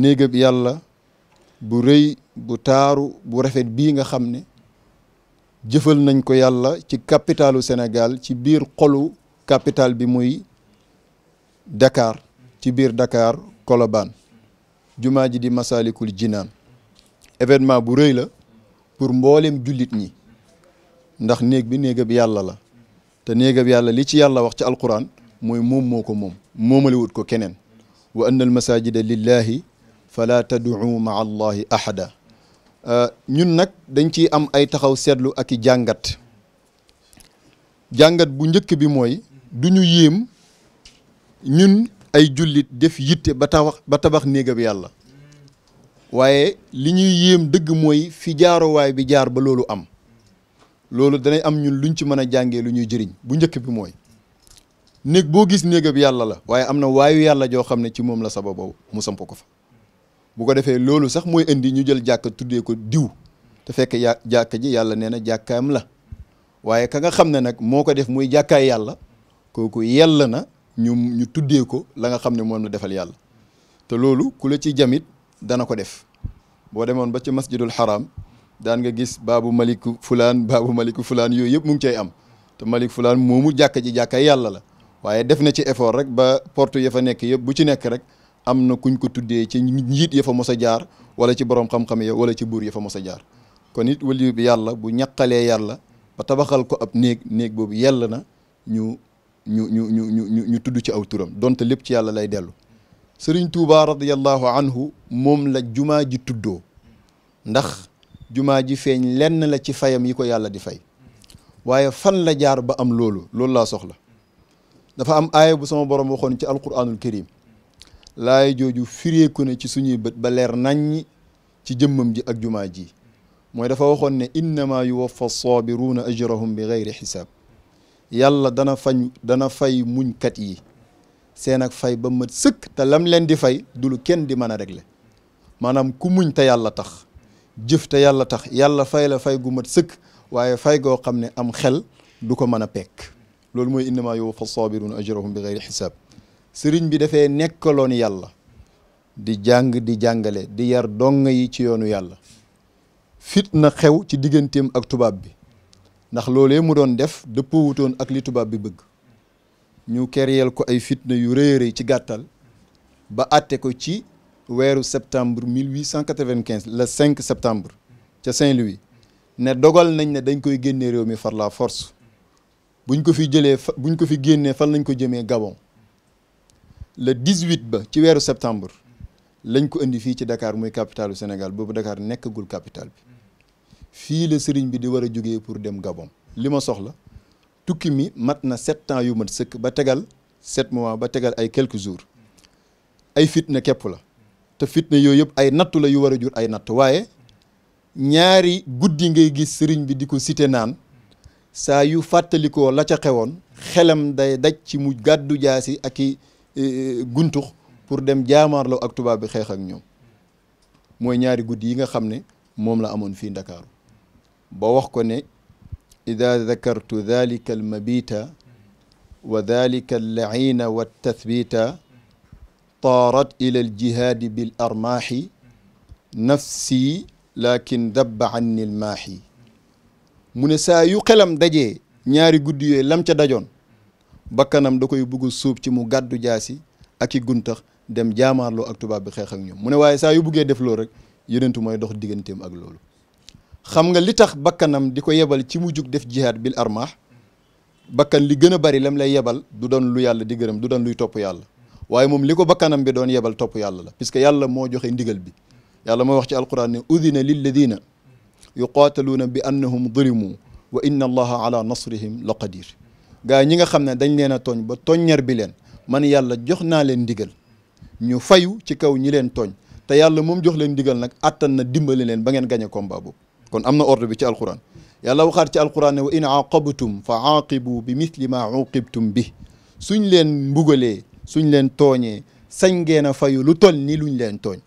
néegab yàlla bu rëy bu taaru bu rafet bii nga xam ne jëfal nañ ko yàlla ci capitalu Sénégal ci biir xolu capital bi muy dakaar ci biir Dakar Colobane jumaa ji di Masalikul Jinaan événement bu rëy la pour mboolem jullit ñi ndax néeg bi néegab yàlla la te néegab yàlla li ci yàlla wax ci alquran mooy moom moo ko moom moomalewut ko keneen wa anna al lillahi fala tad'u maa allahi ahada euh, ñun nag dañ ci am ay taxaw seetlu ak i jàngat jàngat bu njëkk bi mooy du ñu yéem ñun ay jullit def yitte ba tabax ba yàlla waaye li ñuy yéem dëgg mooy fi jaarowaay bi jaar ba loolu am loolu danay am ñun luñ ci mën a jàngee lu ñuy jëriñ bu njëkk bi mooy néeg boo gis néegab yàlla la waaye am na waayu yàlla joo xam ne ci moom la sababoo mu samp ko fa bu ko defee loolu sax mooy indi ñu jël jàkka tuddee ko diw te fekk ya jàkka ji yàlla nee na jàkkaam la waaye ka nga xam ne nag moo ko def muy jàkkaay yàlla kooku yell na ñu ñu tuddee ko la nga xam ne moom la defal yàlla te loolu ku la ci jamit dana ko def boo demoon ba ci masjidul haram daan nga gis baabu maliku fulaan baabu maliku fulaan yooyu yëpp mu ngi cay am te malik fulaan moomu jàkka ji jàkkaay yàlla la waaye def na ci effort rek ba porte ya fa nekk yëpp bu ci nekk rek am na kuñ ko tuddee ci njiit ya fa mos a jaar wala ci borom xam-xam ya wala ci buur ya fa mos a jaar kon it waliyu yàlla bu ñaqalee yàlla ba tabaxal ko ab néeg néeg boobu yell na ñu ñu ñu ñu ñu ñu tudd ci aw turam donte lépp ci yàlla lay dellu sëriñ Tuubaa radiyallahu anhu moom la jumaa ji tuddoo ndax jumaa ji feeñ lenn la ci fayam yi ko yàlla di fay waaye fan la jaar ba am loolu loolu laa soxla dafa am aaya bu sama borom waxoon ci alquranul karim laay jooju fireeku ne ci suñuy bët ba leer naññi ci jëmmam ji ak jumaa ji mooy dafa waxoon ne innama yuwaffa sabiruuna ajrahum bi gayri xisaab yàlla dana fañ dana fay muñkat yi seen ak fay ba mat sëkk te lam leen di fay du lu kenn di mën a régler maanaam ku muñ te yàlla tax jëf te yàlla tax yàlla fay la fay gu mat sëkk waaye fay goo xam ne am xel du ko mën a pekk loolu mooy innama yuwaffa sabiruuna ajrahum bi gayri xisaab sëriñ bi dafee nekkaloon yàlla di jàng di jàngale di yar dong yi ci yoonu yàlla fitna xew ci digganteem ak tubaab bi ndax loolee mu doon def dëppoowutoon ak li tubaab bi bëgg ñu kereel ko ay fitna yu rëy rëy ci gàttal ba àtte ko ci weeru septembre 1895 le 5 septembre ca Saint-Louis ne dogal nañ ne dañ koy génne réew mi far la force buñ ko fi jëlee fa buñ ko fi génnee fan lañ ko jëmee Gabon le 18 ba ci weeru septembre lañ ko indi fii ci dakaar muy capitalu Sénégal boobu Dakar nekkagul capital bi fii la sëriñ bi di war a jógee pour dem Gabon li ma soxla tukki mi mat na sept yu mat sëkk ba tegal sept mois ba tegal ay quelques jours ay fitna képp la te fitna yooyu yëpp ay nattu yu war a jur ay natt waaye ñaari guddi ngay gis sëriñ bi di ko cité naan saa yu fàttalikoo la ca xewoon xelam day daj ci mu gàddu jaasi ak i E, e, guntux pour dem jaamaarloo ak tubaab bi xeex ak ñoom mooy ñaari guddi yi nga xam ne moom la amoon fii ndakaaru ba wax ko ne ida dakartu dalika almabita wa dalika allaina wa tathbita taarat ila aljihaadi bil armaaxi nafsi lakin dabba anni almaaxi mu ne saa yu xelam dajee ñaari guddi lam ca dajoon bakkanam da koy bugg suub ci mu gàddu jaasi ak i guntax dem jaamaarloo ak tubaab bi xeex ak ñoom mu ne waaye saa yu buggee def lool rek yenentu mooy dox digganteem ak loolu xam nga li tax bakkanam di ko yebal ci mu jug def jihaad bi armah bakkan li gën a bari lam lay yebal du doon lu yàlla di gërëm du doon luy topp yàlla waaye moom li ko bakkanam bi doon yebal topp yàlla la que yàlla moo joxe ndigal bi yàlla moo wax ci alquran ne udina lilladina yuqaataluuna bi annahum zulimu wa inna allaha ala nasrihim la qadir gaa ñi nga xam ne dañ leen a tooñ ba tooñ tooññar bi leen man yàlla jox naa leen ndigal ñu fayu ci kaw ñi leen tooñ te yàlla moom jox leen ndigal nag àttan na dimbali leen ba ngeen gañe combat boobu kon am na ordre bi ci alquran yàlla waxaat ci alquran ne wa in aaqabtum fa aaqibu bi mithli ma uqibtum bi suñ leen mbugalee suñ leen tooñee sañ ngeen a fayu lu tol ni luñ leen tooñ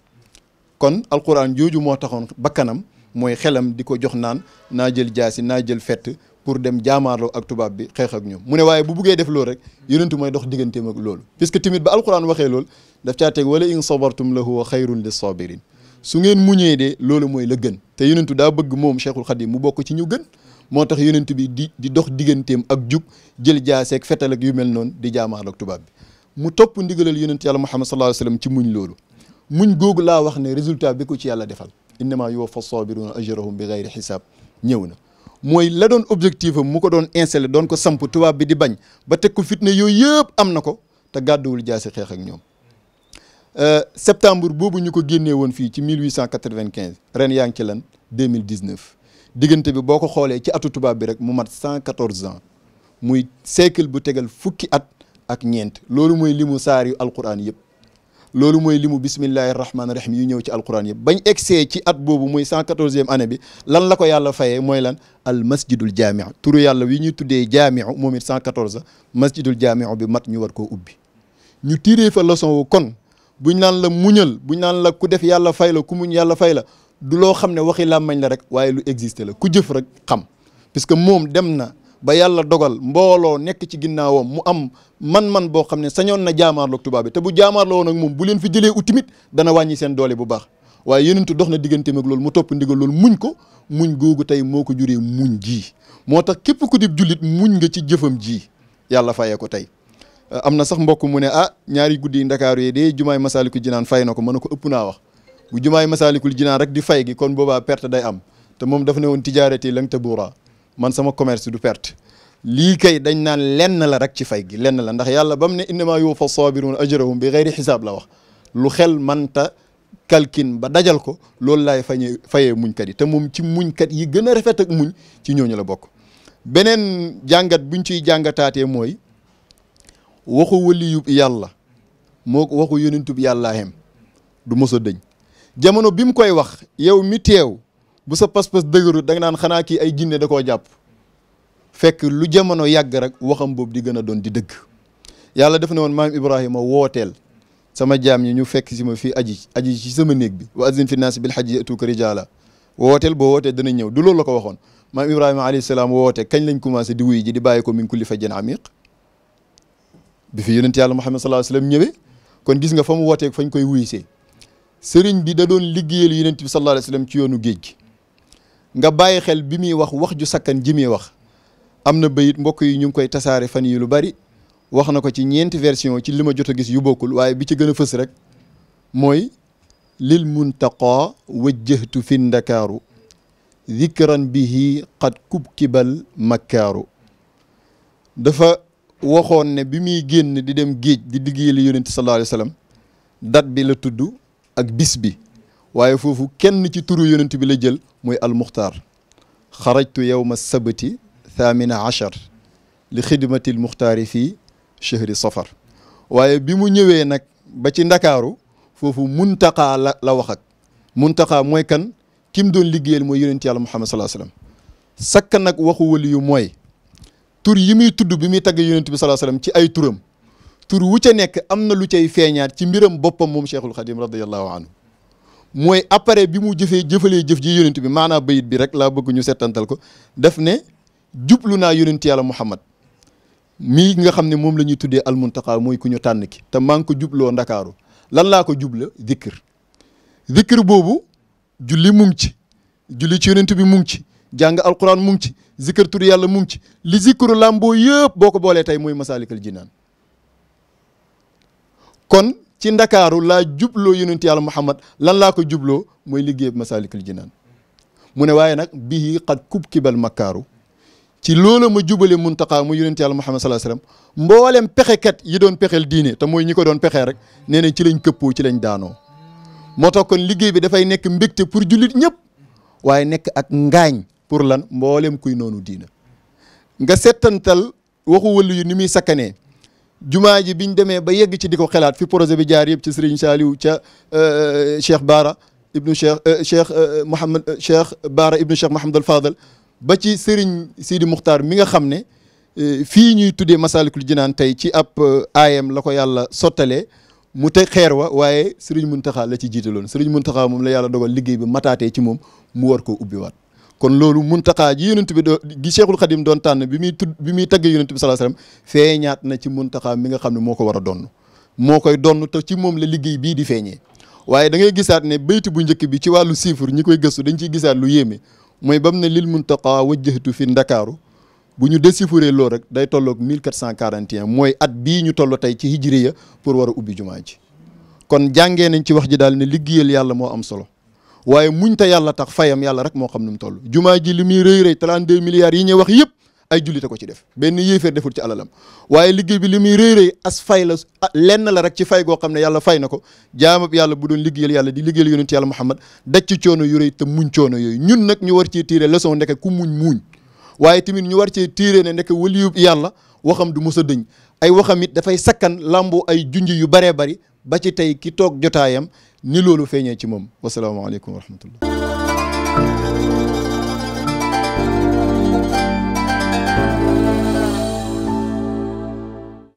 kon alquran jooju moo taxoon bakkanam mooy xelam di ko jox naan naa jël jaasi naa jël fett pour dem jaamaarloo ak tubaab bi xeex ak ñoom mu ne waaye bu buggee def loolu rek yonentu mooy dox digganteem ak loolu puisque tamit ba alquran waxee loolu daf caa teg wala in sabartum la huwa xayrun lis sabirin su ngeen muñee de loolu mooy la gën te yonentu daa bëgg moom cheikhul xadim mu bokk ci ñu gën moo tax yonentu bi di di dox digganteem ak jug jël jaaseeg fetal ak yu mel noonu di jaamaarloo ak tubaab bi mu topp ndigalal yonentu yàlla muhammad sallallahu alayhi wasallam ci muñ loolu muñ googu laa wax ne résultat bi ko ci yàlla defal innama yuwaffa sabiruna ajrahum bi xayri xisaab ñëw na mooy la doon objectif am mu ko doon installé doon ko samp tubaab bi di bañ ba teg ko fitna yooyu yëpp am na ko te gàdduwul jaasi xeex ak ñoom euh, septembre boobu ñu ko génnee woon fii ci 1895 ren yaa ngi ci lan 2019 diggante bi boo ko xoolee ci atu tubaab bi rek mu mat cent 114 ans muy siècle bu tegal fukki at ak ñeent loolu mooy limu saar yu alquran yëpp. loolu mooy limu bismillahi rahmaani rahim yu ñëw ci alquran yëpp bañ egsee ci at boobu muy cent quatorzième année bi lan la ko yàlla fayee mooy lan al masjidul jaamiu turu yàlla wi ñuy tuddee jaamiu moom it cent quatorze masjidul jaamiu bi mat ñu war koo ubbi ñu tiree fa leçon wu kon bu ñu naan la bu ñu naan la ku def yàlla fay la ku muñ yàlla fay la du loo xam ne waxi mañ la rek waaye lu existé la ku jëf rek xam parce que moom dem na ba yàlla dogal mbooloo nekk ci ginnaawam mu am man-man boo xam ne sañoon na jaamaarloog tubaab bi te bu jaamaarloo woon ak moom bu leen fi jëlee ut dana wàññi seen doole bu baax waaye yenentu dox na digganteem ak loolu mu topp ndigal loolu muñ ko muñ googu tey moo ko juree muñ ji moo tax képp ku di jullit muñ nga ci jëfam ji yàlla fayee ko tey euh, am na sax mbokk mu ne ah ñaari guddi i ndakaaru yi de jumaay masaalikul jinaan fay na ko mën na ko ëpp naa wax bu jumaay masaalikul jinaan rek di fay kon boobaa perte day am te moom daf ne woon tijaarati lan tabuura man sama commerce du perte lii kay dañ naan lenn la rek ci fay gi lenn la ndax yàlla ba mu ne innama yuwaffa sabiruun ajrahum bi gayri xisaab la wax lu xel manta kalkin ba dajal ko loolu laay fañee fayee muñkat yi te moom ci muñkat yi gën a rafet ak muñ ci ñooñu la bokk beneen jàngat buñ ciy jàngataatee mooy waxu waliyub yàlla moo waxu yonentub yàllaa hem du mos a dëñ jamono bi mu koy wax yow mi teew bu sa pas-pas dëgërut da naan xanaa kii ay jinne da koo jàpp fekk lu jamono yàgg rek waxam boobu di gën a doon di dëgg yàlla def na woon maam Ibrahima wooteel sama jaam ñi ñu fekk si ma fii aji aji ci sama néeg bi wa azin fi naas bil hajji ya'tuuka rijaala wooteel boo wootee dana ñëw du loolu la ko waxoon maam Ibrahima a salaam woote kañ lañ commencé di wuy ji di bàyyi ko min kulli fajjin amiq bi fi yonent yàlla Muhammad sallallahu alayhi wa sallam ñëwee kon gis nga fa mu wootee fañ koy wuy see bi da doon liggéeyal yonent bi sallallahu alayhi wa sallam ci yoonu géej gi nga bàyyi xel bi muy wax wax ju sakkan ji muy wax am na bayit mbokk yi ñu ngi koy tasaare fan yi lu bari wax na ko ci ñeenti version ci li ma jot a gis yu bokkul waaye bi ci gën a fës rek mooy lil muntaqa wajjahtu fi ndakaaru zikran bihi qad kibal makkaaru dafa waxoon ne bi muy génn di dem géej di liggéeyal yonente sallallahu alayhi wa sallam date bi la tudd ak bis bi waaye foofu kenn ci turu yonent bi la jël muy almuxtaar xarajtu yowma sabati thamina achar li xidmati almuxtaari fii chehri safar waaye bi mu ñëwee nag ba ci ndakaaru foofu muntaqaa la la wax ak muntaqaa mooy kan kim doon liggéeyal mooy yonent yàlla muhammad salaa sallam sakk nag waxu wali yu mooy tur yi muy tudd bi muy tagg yonent bi salaa sallam ci ay turam tur wu nekk am na lu cay feeñaat ci mbiram boppam moom cheikhul xadim radiallahu anhu mooy appareil bi mu jëfee jëfalee jëf ji yonent bi maanaam bayit bi rek laa bëgg ñu settantal ko def ne jublu naa yonent yàlla Muhammad mii nga xam ne moom la ñuy tuddee almuntaqa mooy ku ñu tànn ki te maa ko jubloo ndakaaru lan laa ko jubla dikkir dikkir boobu julli mu ci julli ci yonent bi mu ngi ci jàng alquran mu ngi ci zikkër tur yàlla mu ngi ci li zikkaru làmboo yëpp boo ko boolee tey mooy masaalikal jinaan kon ci ndakaaru laa jubloo yonent yàlla Muhammad lan laa ko jubloo mooy liggéey Masaalikul Jinaan mu ne waaye nag bii xat kub kibal makkaaru ci loola ma mun muntaqaa mu yonent yàlla Muhammad sallallahu alayhi wasallam mboolem pexekat yi doon pexeel diine te mooy ñi ko doon pexee rek nee nañ ci lañ këppoo ci lañ daanoo moo tax kon liggéey bi dafay nekk mbégte pour jullit ñëpp waaye nekk ak ngaañ pour lan mboolem kuy noonu diina nga settantal waxu wëllu yu ni muy sakkanee jumaa ji biñ demee ba yegg ci di ko xelaat fi projet bi jaar yëpp ci Serigne Saliou ca euh, euh, Cheikh Baara ibnu Cheikh euh, Cheikh Mouhamad Cheikh Baara ibnu Cheikh Mouhamad al Fadal ba ci Serigne Sidi Muxtaar mi nga xam ne fii ñuy tuddee Masalikul Jinaan tey ci ab aayam la ko yàlla sottalee mu teg xeer wa waaye Serigne Mountakha la ci jiitaloon Serigne Mountakha moom la yàlla dogal liggéey bi mataate ci moom mu war koo ubbiwaat. kon loolu muntaxaa ji yonent bi doo gi Cheikhul Khadim doon tànn bi muy tudd bi muy tagg yonent bi sallallahu alayhi wasallam feeñaat na ci muntaxaa mi nga xam ne moo ko war a donn moo koy donn te ci moom la liggéey bii di feeñee waaye da ngay gisaat ne bayti bu njëkk bi ci wàllu chiffre ñi koy gëstu dañ ciy gisaat lu yéeme mooy bam ne lil muntaxaa wajjahtu fi ndakaaru bu ñu déchiffré loolu rek day tolloog 1441 mooy at bii ñu toll tey ci hijriya pour war a ubbi jumaa ji kon jàngee nañ ci wax ji daal ne liggéeyal yàlla moo am solo waaye muñ te yàlla tax fayam yàlla rek moo xam nu mu toll jumaa ji li muy rëy rëy 32 milliards yi ñuy wax yëpp ay jullite ko ci def benn yéeféer deful ci alalam waaye liggéey bi li muy rëy rëy as fay la ah, lenn la rek ci fay goo xam ne yàlla fay na ko jaamab yàlla bu doon liggéeyal yàlla di liggéeyal yonent yàlla Muhammad daj ci coono yu rëy te muñ coono yooyu ñun nag ñu war cee tiire leçon ndeke ku muñ muñ waaye tamit ñu war cee tiire ne ndeke waliyub yàlla waxam du mos a dëñ ay waxam dafay sakkan lambu ay junj yu baree bari ba ci tey ki toog jotaayam ni loolu feeñee ci moom wasalaamaaleykum wa rahmatullah